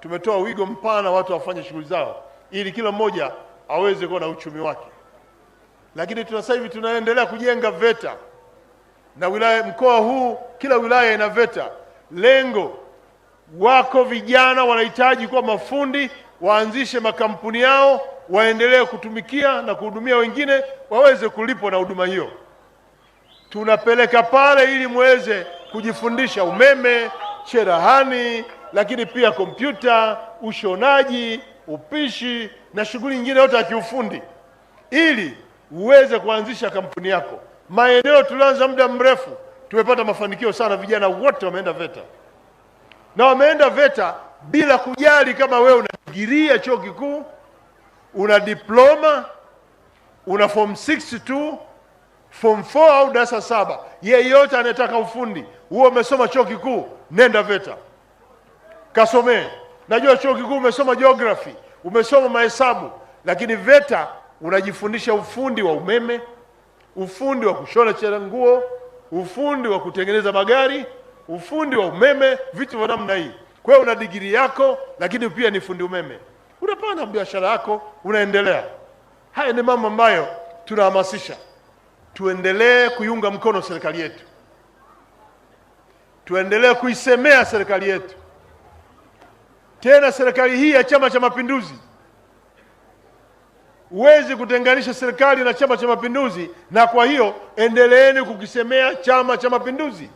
tumetoa wigo mpana, watu wafanye shughuli zao ili kila mmoja aweze kuwa na uchumi wake. Lakini tuna sasa hivi tunaendelea kujenga VETA na wilaya, mkoa huu kila wilaya ina VETA. Lengo wako vijana wanahitaji kuwa mafundi, waanzishe makampuni yao, waendelee kutumikia na kuhudumia wengine, waweze kulipwa na huduma hiyo. Tunapeleka pale ili muweze kujifundisha umeme, cherahani lakini pia kompyuta, ushonaji, upishi na shughuli nyingine yote ya kiufundi, ili uweze kuanzisha kampuni yako. Maeneo tulianza muda mrefu tumepata mafanikio sana, vijana wote wameenda VETA na wameenda VETA bila kujali kama wewe una digirii ya chuo kikuu, una diploma, una form 6 tu, form 4 au darasa saba. Yeyote anayetaka ufundi huo, umesoma chuo kikuu, nenda VETA kasomee. Najua chuo kikuu umesoma geography, umesoma mahesabu, lakini VETA unajifundisha ufundi wa umeme, ufundi wa kushona chana nguo, ufundi wa kutengeneza magari, ufundi wa umeme, vitu vya namna hii. Kwa hiyo una digiri yako, lakini pia ni fundi umeme, unapanda biashara yako, unaendelea. Haya ni mambo ambayo tunahamasisha, tuendelee kuiunga mkono serikali yetu, tuendelee kuisemea serikali yetu. Tena serikali hii ya Chama cha Mapinduzi, huwezi kutenganisha serikali na Chama cha Mapinduzi, na kwa hiyo endeleeni kukisemea Chama cha Mapinduzi.